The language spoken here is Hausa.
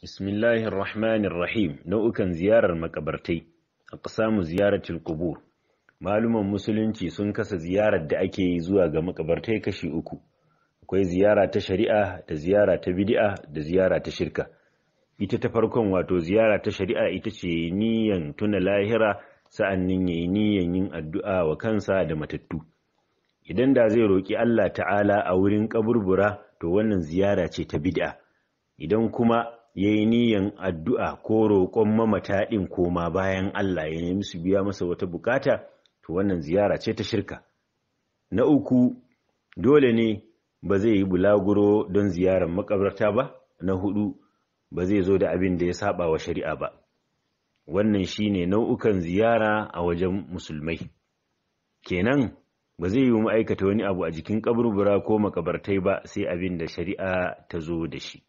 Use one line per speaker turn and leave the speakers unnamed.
Bismillahir Rahmanir Rahim nau'ukan ziyarar makabartai mu ziyaratul qubur maluman musulunci sun kasa ziyarar da ake yi zuwa ga makabartai kashi uku akwai ziyara ta shari'a da ziyara ta bid'a da ziyara ta shirka ita ta farkon wato ziyara ta shari'a ita ce niyan tuna lahira sa'an sa'annin yayi niyan yin addu'a wa kansa da matattu idan da zai roki Allah ta'ala a wurin ƙaburbura, to wannan ziyara ce ta bid'a idan kuma ya yi niyan addu'a ko roƙon mamata ɗin koma bayan Allah ya nemi su biya masa wata bukata to wannan ziyara ce ta shirka na uku dole ne ba zai yi bulaguro don ziyarar makabarta ba na hudu ba zai zo da abin da ya saba wa shari'a ba wannan shi ne nau'ukan ziyara a wajen musulmai kenan ba zai yi ma'aikata wani abu a jikin kaburbura ko makabartai ba sai abin da shari'a ta zo da
shi